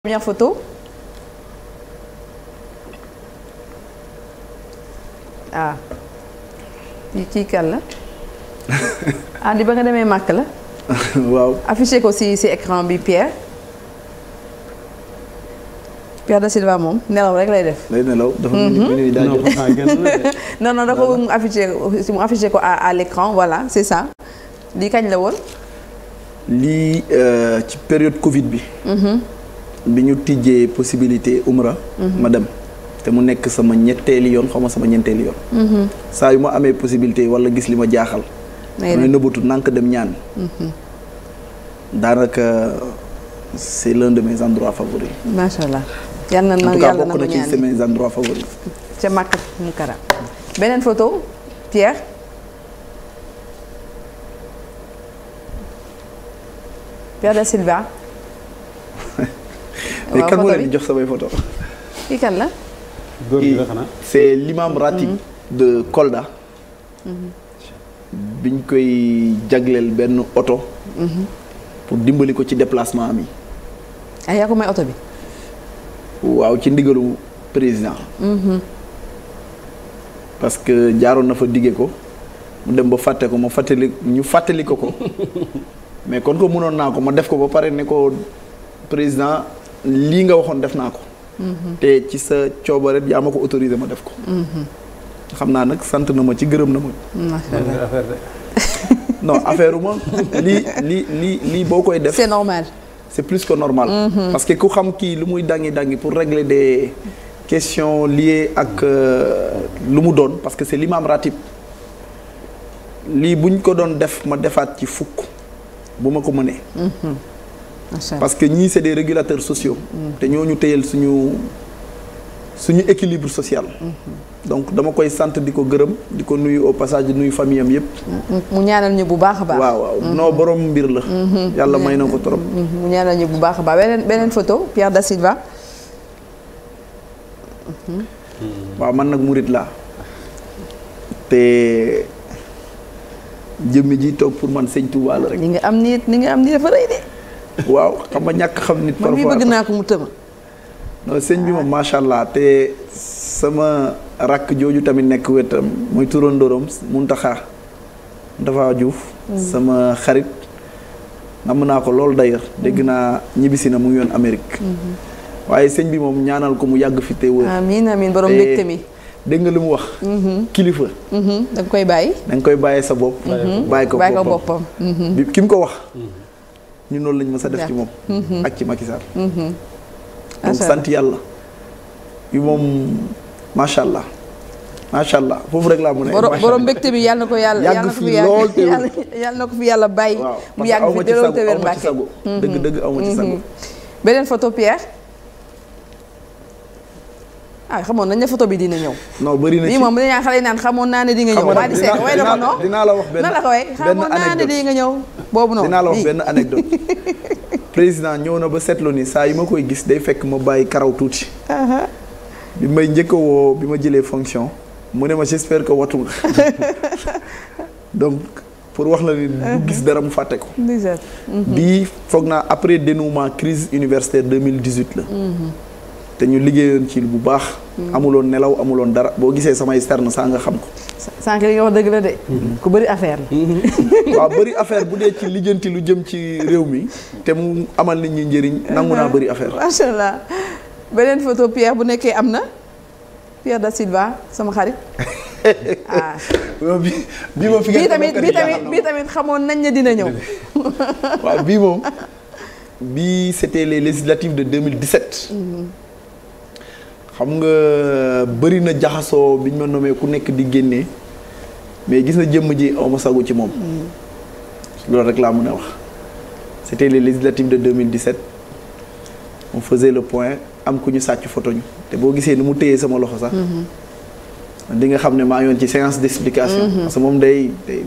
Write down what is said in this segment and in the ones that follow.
Première photo. ah kii kan la ah di ba nga demee màkk la. waaw ko ci ci écran bi Pierre. Pierre da Silva moom nelaw rek lay def. lay mhm. non non da ko mu affiché ci mu ko à à l'écran voilà c'est ça. lii kañ la woon. lii euh, ci période Covid bi. Mm-hmm. bi ñu tijjee possibilité umra mhm. ma dem te mu nekk sama ñetteeli yoon xaw ma sama ñeenteeli yoon mhm. saa yu ma amee possibilité wala gis li ma jaaxal mooy nëbbatu nànk dem ñaan mhm. daanaka c'est l'un de mes endroits favoris macha allah yàlla na yàlla na ko ñaan en ci mes mu kara beneen photo Pierre Pierre da Silva waaw kan moo leen jox samay photo kii kan la. góor c'est l'imam ratib mhm. de Kolda. Mhm. biñ koy jagleel benn oto. Mhm. pour dimbali ko ci déplacement am yi. ah yaa ko may oto bi. waaw ci ndigalu président. parce que jaaroon na fa diggee ko mu dem ba fàtte ko ma fàttali ñu fàttali ko ko mais kon ko mënoon naa ko ma def ko ba pare ne ko président. lii nga waxoon def naa ko. Mhm. te ci sa coobare yaa ma ko autorisé ma def ko. Mhm. xam naa nag sant na ma ci gërëm na ma. macha allah affaire de. non affaire lii lii lii boo koy def. c'est normal. c'est plus que normal. Mhm. parce que ku xam kii lu muy dangi dangi pour régler de question lie ak euh, lu mu doon parce que c'est l'imam ratib lii buñ ko doon def ma defaat ci fukk bu ma ko mënee. parce que ñii c'est des régulateurs sociaux. Mm. te ñoo ñu téyal suñu suñu équilibre social. Mm-hmm. donc dama koy sant di ko gërëm di ko nuyu au passage nuyu famille am yëpp. Mm-hmm. mu ñaanal ñu bu baax a baax. waaw waaw mm-hmm. noo borom mbir la. yàlla may na ko trop. mu ñaanal ñu bu baax a baax beneen beneen photo Pierre da waaw man nag murit laa te jëmmi ji toog pour man sëñ Tuubaa la rek. ni ngi am nii ni ngi am nii dafa rëy de. waaw xam nga ñàkk xam nit. parfois man bëgg naa ko mu tëma. non sëñ bi moom macha allah te sama rakk jooju tamit nekk wetam muy turandóoram Muntaxa dafa Juuf mm. sama xarit namm naa ko loolu d'ailleurs dégg mm. naa ñibbisi na mu yoon Amérique mm-hmm. waaye sëñ bi moom ñaanal ko mu yàgg fi te wër amiin amiin borom mbégte mi dégg nga li mu wax mm-hmm. kilifa mm-hmm. da koy bàyyi da koy bàyyi sa bopp bàyyi ko boppam ki mu ko wax ñun noonu lañ mës a def ci moom mm-hmm. ak ci Macky Sall mm-hmm. donc sant yàlla yu moom macha allah macha allah foofu rek laa mën a borom mbégte bi yàlla na ko yàlla yàgg fi yàlla na ko fi yàlla bàyyi mu yàgg fi delloo te mbàkke dëgg dëgg aw ci sago mm-hmm. beneen photo Pierre ah xamoon nañ ne photo bi dina ñëw. non bëri na ci bii moom dañaa xale naan xamoon naa ne di ñëw. xamoon naa la wax benn na la ko way xamoon naa ne di nga ñëw. boobu noonu dinaa la wax benn anecdote président ñëw na ba seetlu ni saa yi ma koy gis day fekk ma bàyyi karaw tuuti. Uh-huh. bi may njëkk woo bi ma jëlee fonction mu ne ma j'espère que watu nga donc pour wax la ni. Uh-huh. gis dara mu fàtte ko. bii foog naa après dénouement crise universitaire 2018 la. Uh-huh. te ñu liggéeyoon ci bu baax. Hmm. amuloon nelaw amuloon dara boo gisee samay stern saa nga xam ko. sànq li nga wax dëgg la de. Hmm. ku bëri affaire la. Hmm. waaw bëri affaire bu dee ci lijjanti lu jëm ci réew mi te mu amal nit ñu njëriñ nangu naa bari affaire. macha allah beneen photo Pierre bu nekkee am na Pierre da Silva sama xarit. ah. bi fi tamit bi tamit bi tamit xamoon nañ ne dina ñëw. waaw bii moom. bii c'était les législatives de 2017. xam nga bëri na jaxasoo biñ ma nommé ku nekk di génnee mais gis na jëmm ji aw ma sagu ci moom. loolu rek laa mun a wax. c'était les législatives de 2017 on faisait le point am ku ñu sàcc photo ñu te boo gisee ni mu téyee sama loxo sax. Mhm. nga xam ne maa yoon ci séance d'explication. Mhm. parce que moom day day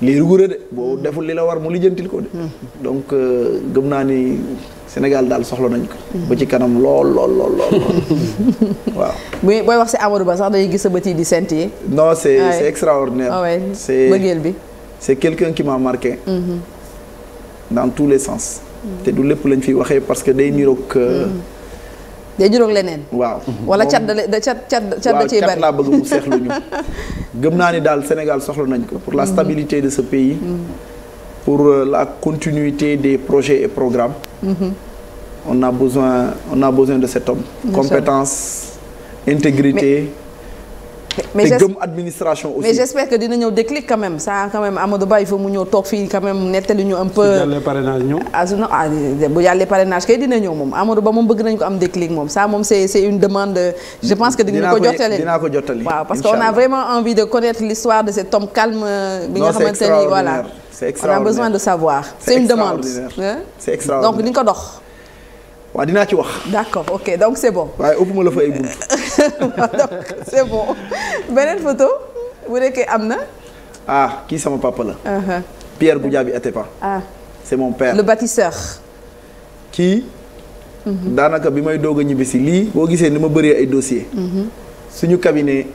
lii rigoureux de boo deful li la war mu lijjantil ko mhm. donc euh, gëm naa ni. Sénégal daal soxla nañ ko. ba ci kanam lool lool lool lool. waaw. booy wax si Amadou Ba sax day gis sa bët yi di senti. non c' est ah extraordinaire. Ah bëggeel bi. c' est quelqu' un qui m'a marqué. Mm-hmm. dans tous les sens. Mm-hmm. te du lépp lañ fiy waxee parce que day niroog. Euh, mm-hmm. day niroog leneen. waaw wala cat da da cat cat cat da bëgg mu seexlu gëm naa ni daal Sénégal soxla nañ ko. pour la stabilité de ce pays. pour euh, la continuité des projets et programmes. Mm -hmm. On a besoin, on a besoin de cet homme. Nous compétence, sommes... intégrité. Mais... mais te gëm administration aussi mais j'espère que dina ñëw déclic quand même ça quand même Amadou Ba il faut mu ñëw toog fii quand même nettali ñu un peu. bu yàlla parrainage ñëw. ah non ah bu yàlla parrainage kay dina ñëw moom Amadou Ba moom bëgg nañ ko am déclic moom ça moom c'est c'est une demande. je pense que dinañ ko jottali dinaa ko jottali. waaw parce on a vraiment envie de connaître l'histoire de cet homme calme. Euh, bi a besoin de savoir. c'est une demande. c'est extraordinaire donc di nga ko dox. waa dinaa ci wax. d'accord ok donc c'est bon. waaye ëpp ma la fa ay bunt. donc c'est bon beneen photo bu nekkee am na. ah kii sama papa la. Uh-huh. Pierre Goudiaby Atepa. ah c'est mon père. le bâtisseur. kii. Mm-hmm. daanaka bi may doog a ñibbi lii. boo gisee ni ma bëree ay dossiers. Mm-hmm. suñu cabinet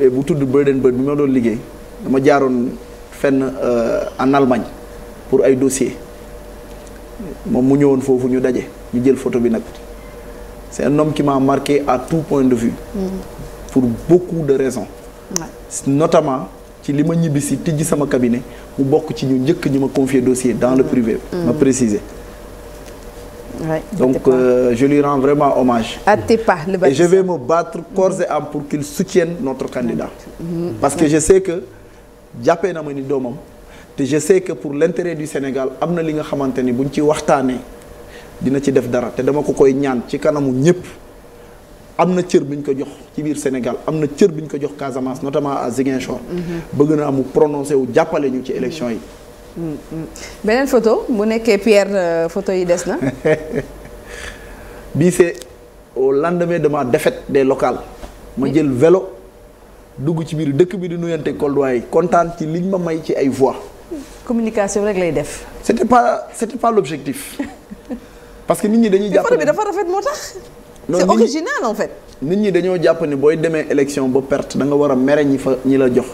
eh, bu tudd Bird bi ma doon liggéey. dama jaaroon fenn euh, en pour ay dossiers moom mu ñëwoon foofu ñu daje. ñu jël photo bi nag c'est un homme m'a marqué à tout point de vue mm. pour beaucoup de raisons notamment ci li ma ñibbi si tijji sama cabinet mu bokk ci ñu njëkk ñu ma confier dossier dans le mm. privé mm. ma préciser Donc euh, je lui rends vraiment hommage. Atepa, le bâtisseur. Et je vais me battre corps et âme pour qu'il soutienne notre candidat. Mmh. Parce que je sais que jàppee na ma ni doomam te je sais que pour l'intérêt du Sénégal am na li nga xamante ni buñ ci waxtaanee dina ci def dara te dama ko koy ñaan ci kanamu ñëpp am na cër bi ñu ko jox ci biir Sénégal am na cër bi ñu ko jox Casamance notamment à Ziguinchor. Mm-hmm. bëgg na amu prononcé wu jàppale ñu ci élection yi. Mm-hmm. beneen foto bu nekkee Pierre euh, photo yi des na. bii c'est au lendemain de ma défaite des ma jël velo dugg ci biir dëkk bi di nuyante Koldoa yi kontaan ci liñ ma may ci ay voix. communication rek lay def. c'était pas c'était pas l'objectif. parce que nit ñi dañuy jàpp bi dafa rafet moo tax. c'est original en fait. nit ñi dañoo jàpp ni booy demee élection ba perte da war a mere ñi fa ñi la jox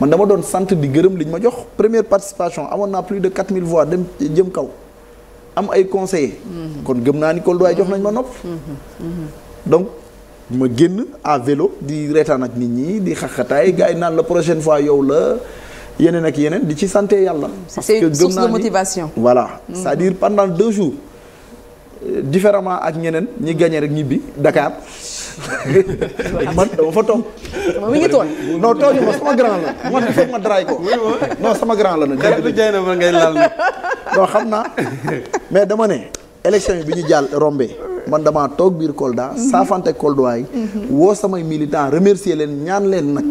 man dama doon sant di gërëm liñ ma jox première participation amoon naa plus de 4000 voix dem jëm kaw am ay conseillers. Mhm. kon gëm naa ni kon doy jox nañ ma nopp. Mhm, mhm, donc ma génn à vélo di reetaan ak nit ñi di xaxataay gars yi naan la prochaine fois yow la. yeneen ak yeneen di ci sante yàlla. parce que gëm naa ni c'est une source de motivation. voilà cest di dire deux jours. différemment ak ñeneen ñi gagné rek ñibbi Dakar man dama fa toog. mi ngi ma sama grand la. moo tax sama grand la na ma xam naa mais dama ne. élection bi ñu jàll rombe man damaa toog biir Kolda. Mhm. saafante Kolda mhm. woo samay militant remercier leen ñaan leen nag.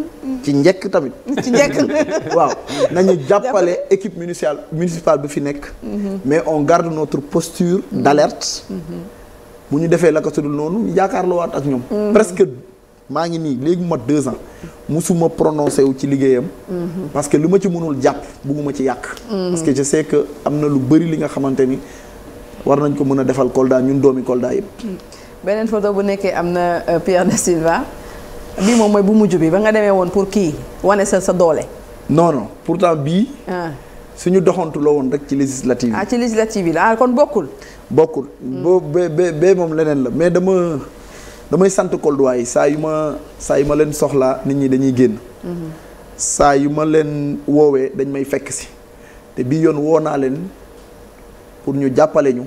ci njekk tamit. ci njëkk. waaw nañu jàppale équipe municipale municipale bi fi nekk. Mhm. mais on garde notre posture mhm. d'alerte. Mhm. bu ñu defee la ko sudul noonu yaakaarloo waat ak ñoom. presque maa ngi nii léegi ma deux ans. musuma prononcé wu ci liggéeyam. parce que li ma ci mënul jàpp bugguma ci yàq. parce que je sais am na lu bëri li nga xamante ni war nañ ko mën a defal Kolda ñun doomi Kolda yëpp. beneen photo bu nekkee am na euh, Pierre de Silva. bii moom mooy bu mujj bi ba nga demee woon pour kii wane sa sa doole. noonu pour pourtant bii. Ah. suñu doxantu la woon rek ci législative ah ci législative yi la ah, kon bokkul. bokkul hmm. boo bee bee moom leneen la mais dama damay sant Koldois yi saa yu ma saa yu ma leen soxlaa nit ñi dañuy génn. Hmm. saa yu ma leen woowee dañ may fekk si te bii yoon woo naa leen pour ñu jàppale ñu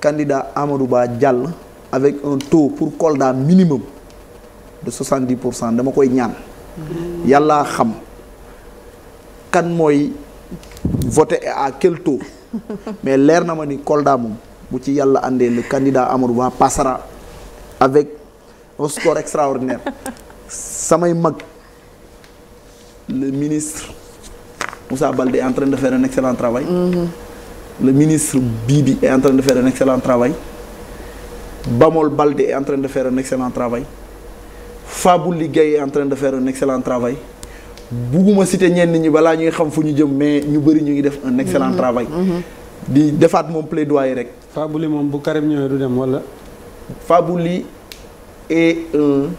candidat Amadou Ba jàll avec un taux pour Kolda minimum. de soixante dix pour cent dama koy ñaan. yàllaa xam kan mooy voté à quel taux mais leer na ma ni Kolda moom bu ci yàlla àndee le candidat Amadou Ba passera avec un score extraordinaire samay mag le ministre Moussa Baldé est de faire un excellent travail. Mm-hmm. le ministre Bibi est en de faire un excellent travail. Bamol Baldé est en de faire un excellent travail. Fabouli Gaye est de faire un excellent travail bugguma citer ñenn ñi balaa ñuy xam fu ñu jëm mais ñu bëri ñu ngi def un excellent mhm. travail. Mhm. di defaat moom plaidoyer rek. Fabouli moom bu Karim ñëwee du dem wala. Fabouli est un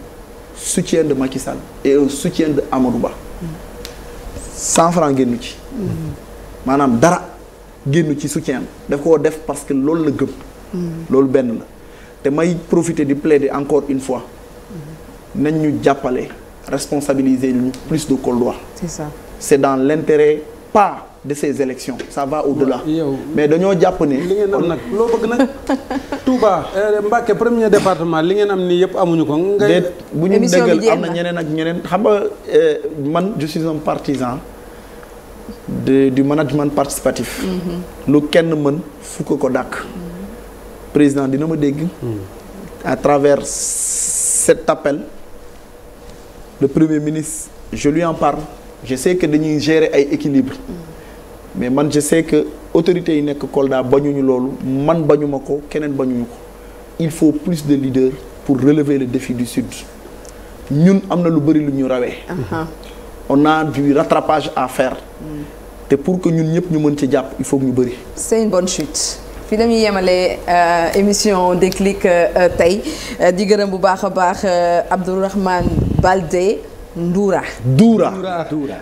soutien de Macky Sall et un soutien de Amadou Ba. cent franc génnu ci. Mhm. maanaam dara génn ci soutien daf koo def parce que loolu la gëm. loolu benn la te may profiter di de encore une fois. nañ ñu jàppale responsabiliser ñu plus de Koldois. c'est ça c'est dans l'intérêt pas de ces élections sa va au-delà. mais dañoo jàpp ne. li ngeen am nag loo bëgg nag. Touba eh, Mbacké premier département li ngeen am nii yëpp amuñu ko. ngay bu ñu déggal am na ñeneen ak ñeneen xam nga eh, man je suis un partisan. de du management participatif. Mm-hmm. lu kenn mën fukk ko dàkk. Mm-hmm. président dina ma dégg. Mm. à travers cet appel. le premier ministre je lui en parle je sais que dañuy gérer ay équilibre mais man je sais que autorités yi nekk Kolda bañuñu loolu man bañuma ko keneen bañuñu ko il faut plus de leaders pour relever le défi du sud ñun am na lu bëri lu ñu rawee uh-huh. on a du rattrapage à faire mm. te pour que ñun ñëpp ñu mën ci jàpp il faut ñu bëri c'est une bonne chute fi la ñuy yemale euh, émission Déclic euh, tey euh, di gërëm bu baax a baax Abdourahmane Balde Ndoura. Ndoura Ndoura.